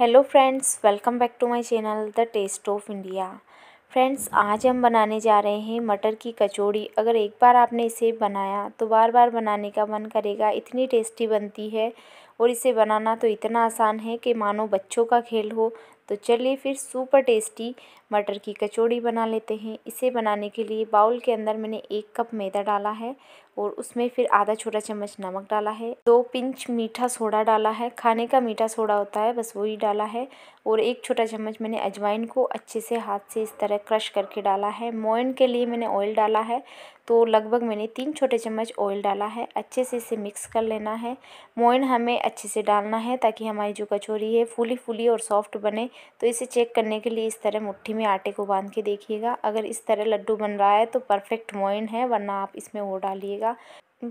hello friends welcome back to my channel the taste of India friends आज हम बनाने जा रहे हैं मटर की कचौड़ी अगर एक बार आपने इसे बनाया तो बार बार बनाने का मन करेगा इतनी टेस्टी बनती है और इसे बनाना तो इतना आसान है कि मानो बच्चों का खेल हो तो चलिए फिर सुपर टेस्टी मटर की कचौड़ी बना लेते हैं इसे बनाने के लिए बाउल के अंदर मैंने एक कप मैदा डाला है और उसमें फिर आधा छोटा चम्मच नमक डाला है दो पिंच मीठा सोडा डाला है खाने का मीठा सोडा होता है बस वही डाला है और एक छोटा चम्मच मैंने अजवाइन को अच्छे से हाथ से इस तरह क्रश करके डाला है मोइन के लिए मैंने ऑयल डाला है तो लगभग मैंने तीन छोटे चम्मच ऑयल डाला है अच्छे से इसे मिक्स कर लेना है मोइन हमें अच्छे से डालना है ताकि हमारी जो कचौरी है फूली फूली और सॉफ्ट बने तो इसे चेक करने के लिए इस तरह मुट्ठी में में आटे को बांध के देखिएगा अगर इस तरह लड्डू बन रहा है तो परफेक्ट मोइन है वरना आप इसमें वो डालिएगा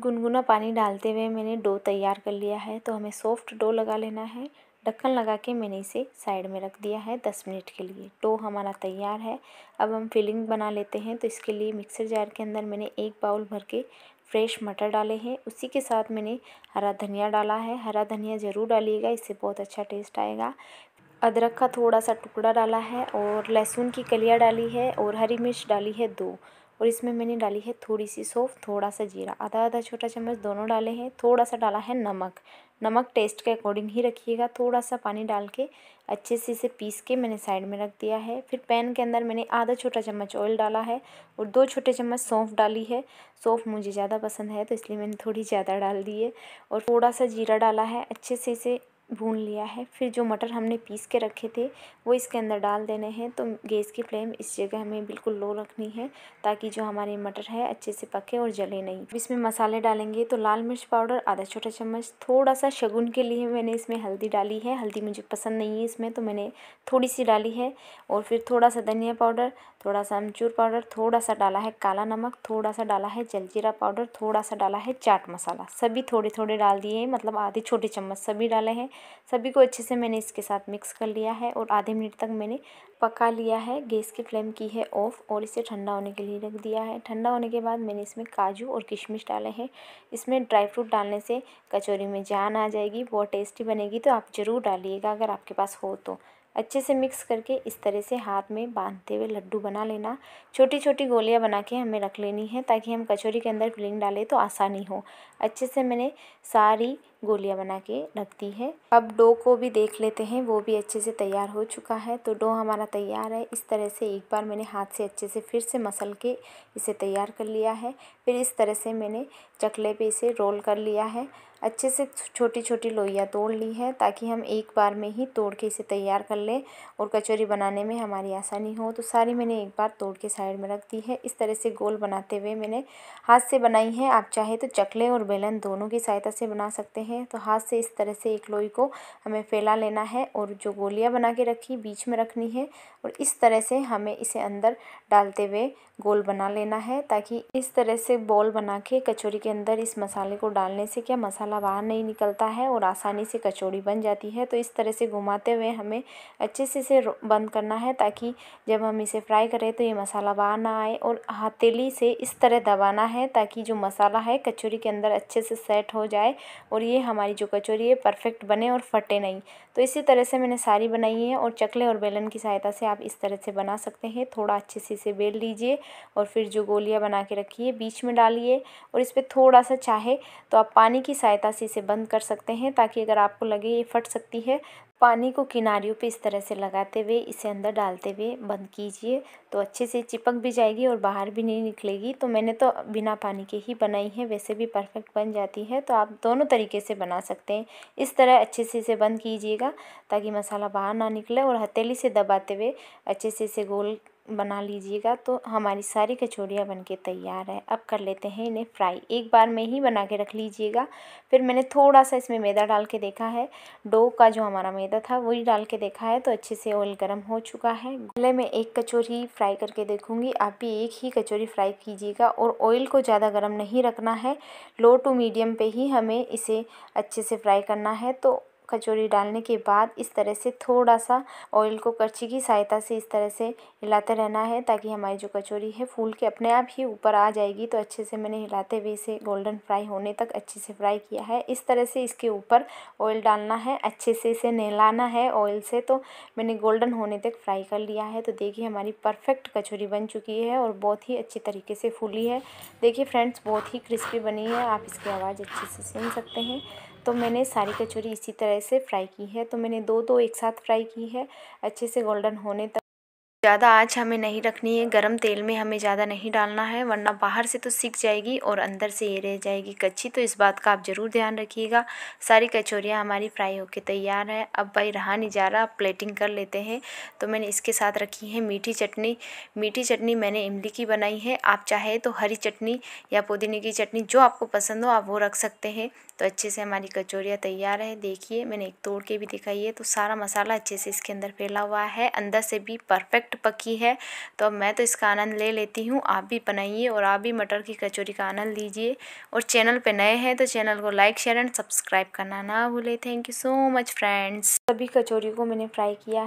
गुनगुना पानी डालते हुए मैंने डो तैयार कर लिया है तो हमें सॉफ्ट डो लगा लेना है ढक्कन लगा के मैंने इसे साइड में रख दिया है दस मिनट के लिए डो हमारा तैयार है अब हम फिलिंग बना लेते हैं तो इसके लिए मिक्सर जार के अंदर मैंने एक बाउल भर के फ्रेश मटर डाले हैं उसी के साथ मैंने हरा धनिया डाला है हरा धनिया ज़रूर डालिएगा इससे बहुत अच्छा टेस्ट आएगा अदरक का थोड़ा सा टुकड़ा डाला है और लहसुन की कलियाँ डाली है और हरी मिर्च डाली है दो और इसमें मैंने डाली है थोड़ी सी सौंफ थोड़ा सा जीरा आधा आधा छोटा चम्मच दोनों डाले हैं थोड़ा सा डाला है नमक नमक टेस्ट के अकॉर्डिंग ही रखिएगा थोड़ा सा पानी डाल के अच्छे से इसे पीस के मैंने साइड में रख दिया है फिर पैन के अंदर मैंने आधा छोटा चम्मच ऑयल डाला है और दो छोटे चम्मच सौंफ डाली है सौंफ मुझे ज़्यादा पसंद है तो इसलिए मैंने थोड़ी ज़्यादा डाल दी है और थोड़ा सा जीरा डाला है अच्छे से इसे भून लिया है फिर जो मटर हमने पीस के रखे थे वो इसके अंदर डाल देने हैं तो गैस की फ्लेम इस जगह हमें बिल्कुल लो रखनी है ताकि जो हमारे मटर है अच्छे से पके और जले नहीं इसमें मसाले डालेंगे तो लाल मिर्च पाउडर आधा छोटा चम्मच थोड़ा सा शगुन के लिए मैंने इसमें हल्दी डाली है हल्दी मुझे पसंद नहीं है इसमें तो मैंने थोड़ी सी डाली है और फिर थोड़ा सा धनिया पाउडर थोड़ा सा अमचूर पाउडर थोड़ा सा डाला है काला नमक थोड़ा सा डाला है जलजीरा पाउडर थोड़ा सा डाला है चाट मसाला सभी थोड़े थोड़े डाल दिए मतलब आधे छोटे चम्मच सभी डाले हैं सभी को अच्छे से मैंने इसके साथ मिक्स कर लिया है और आधे मिनट तक मैंने पका लिया है गैस की फ्लेम की है ऑफ़ और इसे ठंडा होने के लिए रख दिया है ठंडा होने के बाद मैंने इसमें काजू और किशमिश डाले हैं इसमें ड्राई फ्रूट डालने से कचौरी में जान आ जाएगी बहुत टेस्टी बनेगी तो आप ज़रूर डालिएगा अगर आपके पास हो तो अच्छे से मिक्स करके इस तरह से हाथ में बांधते हुए लड्डू बना लेना छोटी छोटी गोलियां बना के हमें रख लेनी है ताकि हम कचौरी के अंदर फिलिंग डालें तो आसानी हो अच्छे से मैंने सारी गोलियां बना के रख दी है अब डो को भी देख लेते हैं वो भी अच्छे से तैयार हो चुका है तो डो हमारा तैयार है इस तरह से एक बार मैंने हाथ से अच्छे से फिर से मसल के इसे तैयार कर लिया है फिर इस तरह से मैंने चकले पर इसे रोल कर लिया है अच्छे से छोटी छोटी लोइयाँ तोड़ ली हैं ताकि हम एक बार में ही तोड़ के इसे तैयार कर लें और कचौरी बनाने में हमारी आसानी हो तो सारी मैंने एक बार तोड़ के साइड में रख दी है इस तरह से गोल बनाते हुए मैंने हाथ से बनाई है आप चाहे तो चकले और बेलन दोनों की सहायता से बना सकते हैं तो हाथ से इस तरह से एक लोई को हमें फैला लेना है और जो गोलियाँ बना के रखी बीच में रखनी है और इस तरह से हमें इसे अंदर डालते हुए गोल बना लेना है ताकि इस तरह से बॉल बना के कचौरी के अंदर इस मसाले को डालने से क्या मसाला मसाला बाहर नहीं निकलता है और आसानी से कचौड़ी बन जाती है तो इस तरह से घुमाते हुए हमें अच्छे से इसे बंद करना है ताकि जब हम इसे फ्राई करें तो ये मसाला बाहर ना आए और हथेली से इस तरह दबाना है ताकि जो मसाला है कचौरी के अंदर अच्छे से सेट हो जाए और ये हमारी जो कचौरी है परफेक्ट बने और फटे नहीं तो इसी तरह से मैंने सारी बनाई है और चकले और बेलन की सहायता से आप इस तरह से बना सकते हैं थोड़ा अच्छे से इसे बेल लीजिए और फिर जो गोलियाँ बना के रखिए बीच में डालिए और इस पर थोड़ा सा चाहे तो आप पानी की सहायता सहायता से इसे बंद कर सकते हैं ताकि अगर आपको लगे ये फट सकती है पानी को किनारियों पे इस तरह से लगाते हुए इसे अंदर डालते हुए बंद कीजिए तो अच्छे से चिपक भी जाएगी और बाहर भी नहीं निकलेगी तो मैंने तो बिना पानी के ही बनाई है वैसे भी परफेक्ट बन जाती है तो आप दोनों तरीके से बना सकते हैं इस तरह अच्छे से इसे बंद कीजिएगा ताकि मसाला बाहर ना निकले और हथेली से दबाते हुए अच्छे से इसे गोल बना लीजिएगा तो हमारी सारी कचौड़ियाँ बनके तैयार है अब कर लेते हैं इन्हें फ्राई एक बार में ही बना के रख लीजिएगा फिर मैंने थोड़ा सा इसमें मैदा डाल के देखा है डो का जो हमारा मैदा था वही डाल के देखा है तो अच्छे से ऑयल गर्म हो चुका है पहले मैं एक कचौरी फ्राई करके देखूँगी आप भी एक ही कचौरी फ्राई कीजिएगा और ऑयल को ज़्यादा गर्म नहीं रखना है लो टू मीडियम पर ही हमें इसे अच्छे से फ्राई करना है तो कचौरी डालने के बाद इस तरह से थोड़ा सा ऑयल को करछी की सहायता से इस तरह से हिलाते रहना है ताकि हमारी जो कचौरी है फूल के अपने आप ही ऊपर आ जाएगी तो अच्छे से मैंने हिलाते हुए इसे गोल्डन फ्राई होने तक अच्छे से फ्राई किया है इस तरह से इसके ऊपर ऑयल डालना है अच्छे से इसे नहलाना है ऑयल से तो मैंने गोल्डन होने तक फ्राई कर लिया है तो देखिए हमारी परफेक्ट कचौरी बन चुकी है और बहुत ही अच्छी तरीके से फूली है देखिए फ्रेंड्स बहुत ही क्रिस्पी बनी है आप इसकी आवाज़ अच्छे से सुन सकते हैं तो मैंने सारी कचौरी इसी तरह से फ्राई की है तो मैंने दो दो एक साथ फ्राई की है अच्छे से गोल्डन होने तक ज़्यादा आँच हमें नहीं रखनी है गरम तेल में हमें ज़्यादा नहीं डालना है वरना बाहर से तो सीख जाएगी और अंदर से ये रह जाएगी कच्ची तो इस बात का आप ज़रूर ध्यान रखिएगा सारी कचौरियाँ हमारी फ्राई होकर तैयार है अब भाई रहा नहीं जा रहा प्लेटिंग कर लेते हैं तो मैंने इसके साथ रखी है मीठी चटनी मीठी चटनी मैंने इमली की बनाई है आप चाहे तो हरी चटनी या पुदीने की चटनी जो आपको पसंद हो आप वो रख सकते हैं तो अच्छे से हमारी कचौरियाँ तैयार है देखिए मैंने एक तोड़ के भी दिखाई है तो सारा मसाला अच्छे से इसके अंदर फैला हुआ है अंदर से भी परफेक्ट परफेक्ट पकी है तो अब मैं तो इसका आनंद ले लेती हूँ आप भी बनाइए और आप भी मटर की कचौरी का आनंद लीजिए और चैनल पे नए हैं तो चैनल को लाइक शेयर एंड सब्सक्राइब करना ना भूले thank you so much friends सभी कचौरी को मैंने फ्राई किया